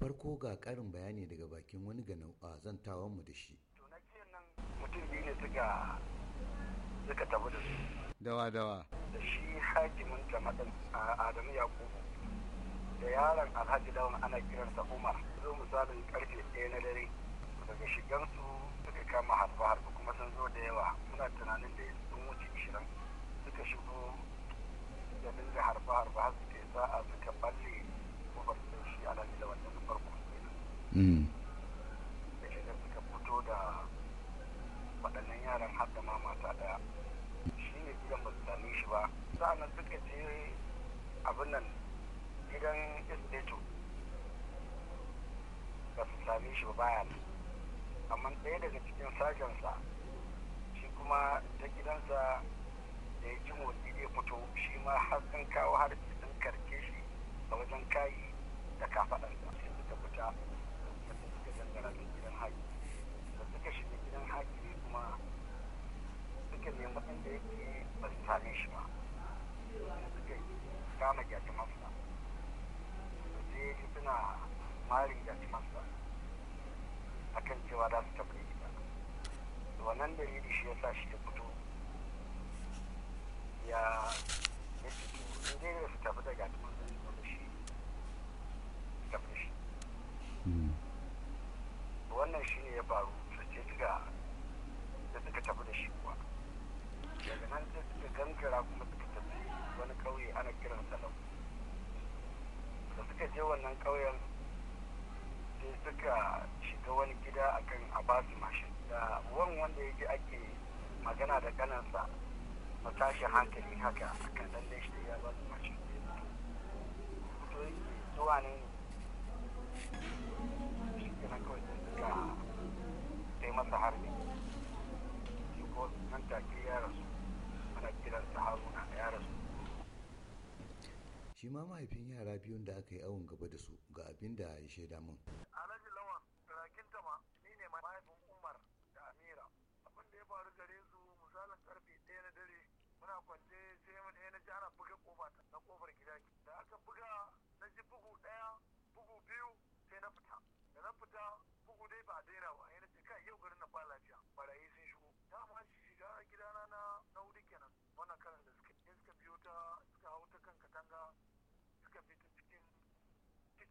farko ga karin bayani daga bakin wani ga zantawan mu da shi to na nan mutum biyu ne suka suka da su dawa dawa da shi hakimin jamaɗin adamu yakubu da yaron alhaji dawan ana kiransa umar zo misalin karfe ɗaya na dare daga shigansu suka kama harfa harfa kuma sun zo da yawa muna tunanin da yanzu daga nan suka fito da waɗannan yaran har da mata daya shi ne gidan ba su same shi ba sa'annan suka je abin nan gidan esteto ba su same shi ba baya amma ɗaya daga cikin sajansa shi kuma ta gidansa da ya ji motsi zai fito shi ma har sun kawo har sun karke shi a wajen kayi da kafaɗansa sai suka fita tsarafin gidan haji da suka shiga gidan haji kuma suka nemi inda yake ba su same shi ba suka kama gyaci masa sai suna mari gyaci masa akan cewa za su tafi gida wannan dalili shi ya sa shi ya fito ya ya fito in dai su tafi da gyaci masa kira kuma suka tafi wani ƙauye ana kiran salau da suka je wannan ƙauyen sai suka shiga wani gida akan a basu mashin da wani wanda ya ji ake magana da kanansa matashi hankali haka akan lalle shi ya su mashin to yake zuwa ne shi ke nan kawai sai suka sai masa harbi shi ko nan take ya rasu shi ma mahaifin yara biyun da aka yi awon gaba da su ga abin da ya shaida min alhaji lawan rakin tama ni ne mahaifin umar da amira abin da ya faru gare su misalin karfe ɗaya na dare muna kwance sai mun ɗaya na ji ana buga kofa na kofar gida da aka buga na ji bugu ɗaya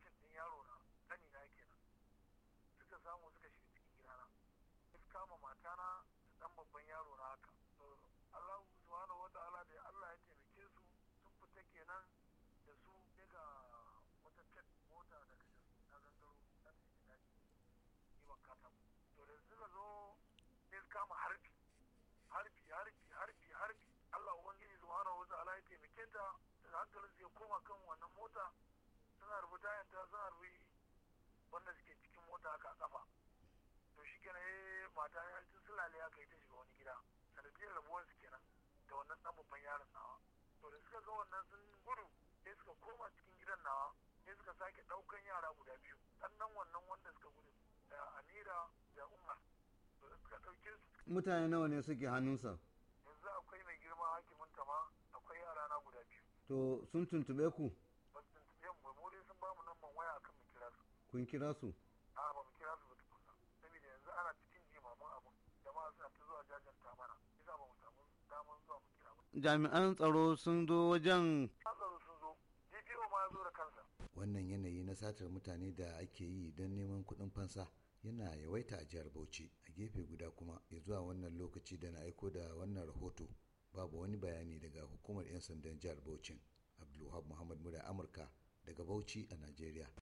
mashin ɗin yaro na kani na kenan suka samu suka shiga cikin gidana suka kama matana da ɗan babban yaro na haka Allah subhanahu ta'ala da Allah ya taimake su sun fita kenan da su daga wata cat mota daga na gangaro ta cikin daji wa katako to da suka zo sai kama harbi harbi harbi harbi harbi Allah ubangiji subhanahu ta'ala ya taimake ta da hankalin ya koma kan wannan mota tayan ta sun harbi wanda suke cikin mota haka a kafa to shi kenan ya eh, mata ya ci sulale haka ita shiga wani gida sanadiyar rabuwar su kenan da wannan dan babban yaron nawa to da suka ga wannan sun gudu sai suka koma cikin gidan nawa sai suka sake daukan yara guda biyu sannan wannan wanda suka gudu da amira da umar to suka dauke su mutane nawa ne suke hannunsa yanzu akwai mai girma hakimin tama akwai yara na guda biyu to sun tuntube ku kun kira su yanzu ana cikin jimamin jami'an tsaro sun zo wajen tsaro sun zo DPO ma ya zo da kansa wannan yanayi na satar mutane da ake yi don neman kuɗin fansa yana yawaita a jihar Bauchi a gefe guda kuma ya zuwa wannan lokaci da na aiko da wannan rahoto babu wani bayani daga hukumar 'yan sandan jihar Bauchi Abdulwahab Muhammad Mura Amurka daga Bauchi a Najeriya